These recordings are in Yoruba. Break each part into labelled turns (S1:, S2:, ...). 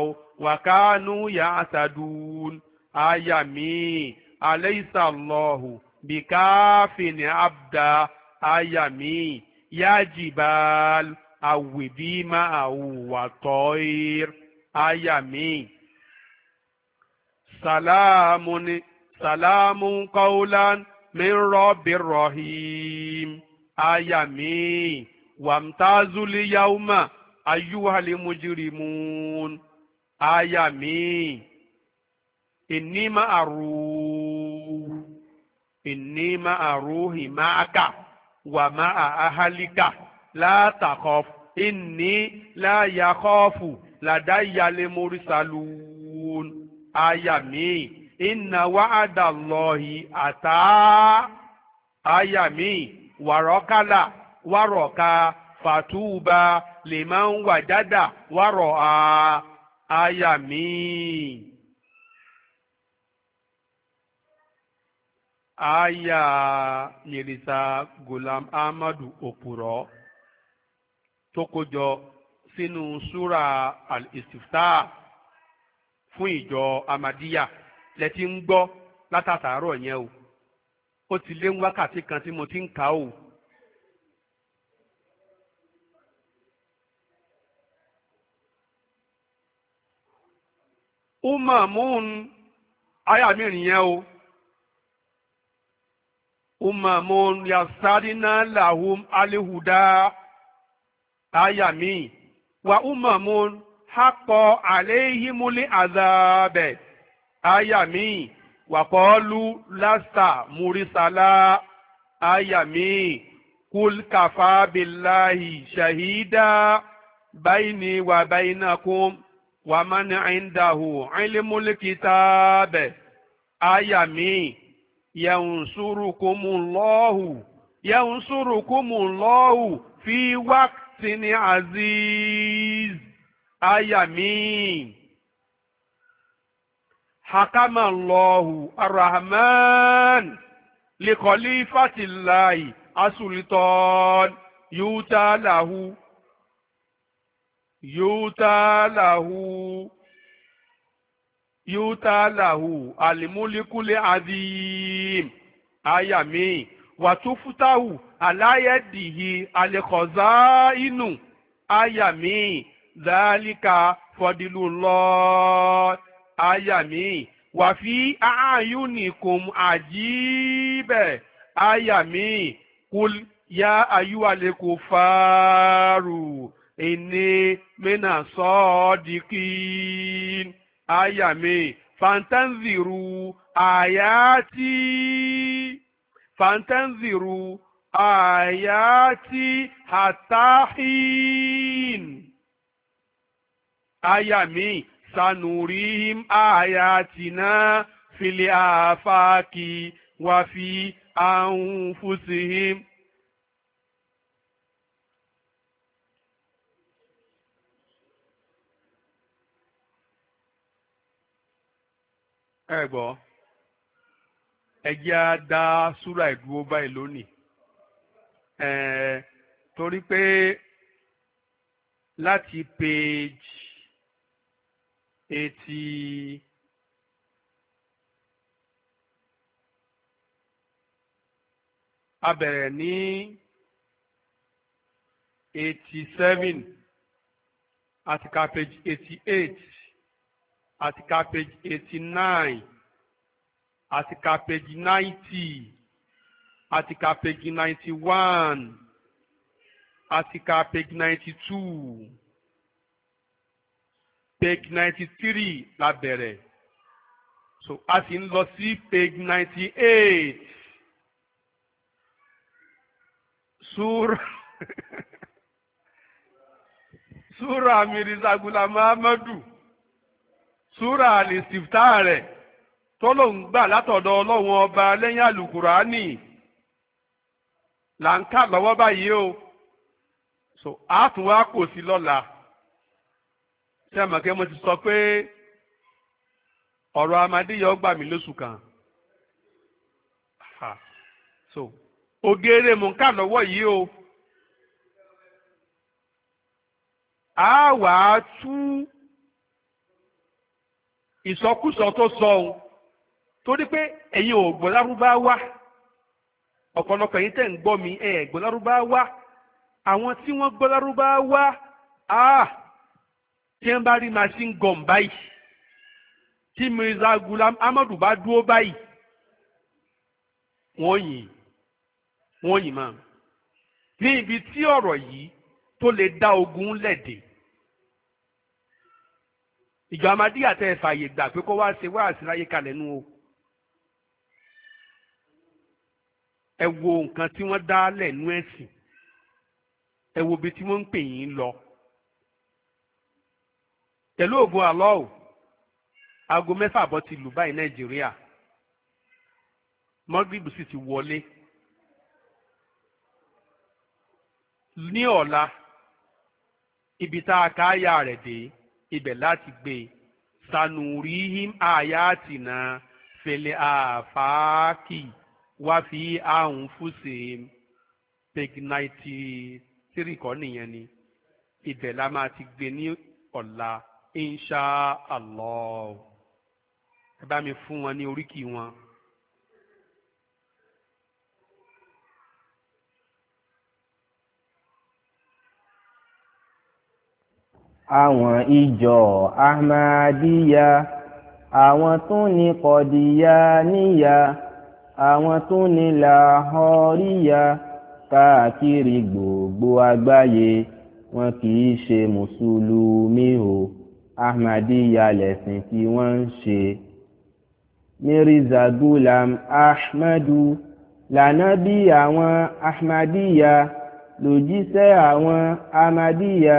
S1: o wàkánú yà àtàdùn àyà mi alaysa Allahu bìkáfìn abdá àyà mi yá jìbàl àwìbí máa wà tọ́ìr àyà mi. salamun salamun qawlan min rabbir rahim àyà mi wàmtazul yawma ayyuhal mujrimun aya míì inni ma aruhu inni ma aruhi ma'aka wa ma'a ahalika la takhaf inni la yakhafu ladayya lemurisalun aya míì inna wa'ada Allahi ata aya míì wàrọ́kálà wàrọ̀ka fàtúùbà lèmọ̀ ń wàjádà aya míì àyà yèrìsà Gulam Ahmadu Opuro, tó kójọ sínú súra al-istifta fún ìjọ amadiya lẹ́tí ń gbọ́ látàtàárọ̀ yẹn o ó ti lé wákàtí kan tí mo ti ń kà ó. umamun aya mẹ́rin yẹn o umamun yasarina lahum alihuda aya mi wa umamun hakọ alehimuli azabe aya mi wakọlu lasta murisala aya mi kul kafa billahi shahida baini wa bainakum wàmánì àìndáhù àìlèmúlìkítàbẹ̀ àyàmí yẹ̀ùnsúrùkùmùlọ́hù yẹ̀ùnsúrùkùmùlọ́hù fi wákìtìní aziz àyàmí. hakama lọ́hù arahman likọ̀lífàtìláì asulitọ́n yútàláhù yúta làhù yúta làhù àlìmúlikúlé adìm àyàmí wàtúfútàhù aláyẹ̀dìhì àlẹ́kọ̀ọ́zá inú àyàmí dálíkà fọdílùlọ́ àyàmí wàfí àáyúnìkùn àjíbẹ̀ àyàmí kul ya ayúwalẹ̀ kò fàárù ìní mínà sọ́ọ́dìkín àyà mi fantanziru àyàtì fantanziru àyàtì hàtàhìn àyà mi sanurihim ayatina fili afaki wa fi anfusihim. ẹ gbọ́ da sura dá súrà ìdúró báyìí lónìí torí pé láti page eighty. a bẹ̀rẹ̀ ní eighty seven àti ká page eighty eight àti ka page eighty nine àti ka page ninety àti ka page ninety one àti ka page ninety two page ninety three la bẹ̀rẹ̀ so a sì ń lọ sí page ninety eight sura sura mirisa gula mahamadu. súrà àlìsìftà rẹ tó lòun gbà látọ̀dọ̀ ọlọ́run ọba lẹ́yìn àlùkùránì là ń kà lọ́wọ́ báyìí o so a tún wá kò sí lọ́la ṣé àmọ̀kẹ́ mo ti sọ pé ọ̀rọ̀ amadéyọ gbà mí kan so ògèrè mò ń kà lọ́wọ́ o a wàá ìsọkúsọ tó sọ ohun torí pé ẹ̀yin ò gbọ́ lárúbáwá ọ̀pọ̀lọpọ̀ ẹ̀yin tẹ̀ ń gbọ́ mi ẹ̀ gbọ́ lárúbáwá àwọn tí wọ́n gbọ́ lárúbáwá áà ah, tí wọ́n bá rí machine gun báyìí tí Mirza Gulam Amadu bá dúró báyìí wọ́n yìn wọ́n yìn máa ní ibi tí ọ̀rọ̀ yìí tó lè dá ogun lẹ̀dẹ̀ẹ́ ìjọ amadíyà tẹ ẹ fààyè gbà pé kó wá ṣe wá àṣìláyé kalẹ̀ nu o ẹ wo nǹkan tí wọ́n dá lẹ̀ nú ẹ̀sìn ẹ wo ibi tí wọ́n ń pè yín lọ pẹ̀lú ògùn àlọ́ o aago mẹ́fà bọ́ ti lù báyìí nàìjíríà mọ́gìrìbù sì ti wọlé ní ọ̀la ibi tá a ká yà rẹ̀ dé ibẹ̀ láti gbé sanurihim ayatina fèlè àfáàkì wá fi àrùn fúsìm page ninety three kọ́ nìyẹn ni ibẹ̀ la máa ti gbé ní ọ̀la insha allah ẹ bá mi fún wọn ní oríkì wọn.
S2: àwọn ìjọ ahmadiyya àwọn tún ní kọdíyà níyà àwọn tún ní làhọríyà káàkiri gbogbo àgbáyé wọn kì í ṣe mùsùlùmí o ahmadiyya lẹ̀sìn tí wọ́n ń ṣe. mirza gulam ahmadu lànábì àwọn ahmadiyya lòjíṣẹ́ àwọn ahmadiyya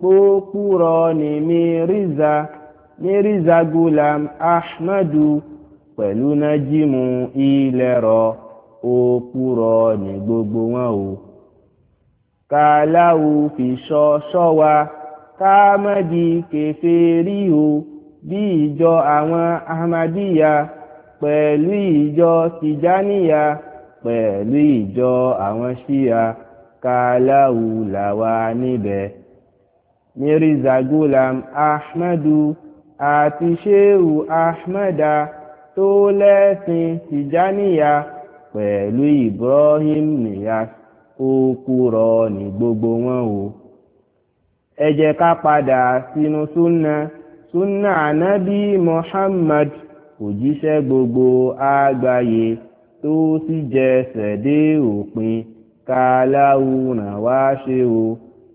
S2: pópúrọ ni Mírízà Mírízà Gulam Ahmadu pẹ̀lú nájímù ilẹ̀rọ òpúrọ ni gbogbo wọn o kàláwù fi sọ sọ́wa káàmọ́dì kẹfẹ́rí o bí ìjọ àwọn ahmadiyya pẹ̀lú ìjọ tijaniya pẹ̀lú ìjọ àwọn ṣíya kàláwù làwa níbẹ̀ mirza gulam ahmadu àti sheu ahmada tó lẹ́sìn tìjáníyà pẹ̀lú ibrahim niyas ó kúrọ ní gbogbo wọn o ẹ jẹ́ ká padà sínú súnà súnà ànábì muhammad òjíṣẹ́ gbogbo àgbáyé tó sì jẹsẹ̀ dé òpin ká láwùrán wá ṣe o.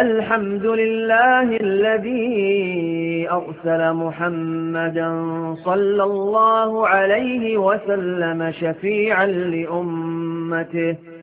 S2: الحمد لله الذي أرسل محمدا صلى الله عليه وسلم شفيعا لأمته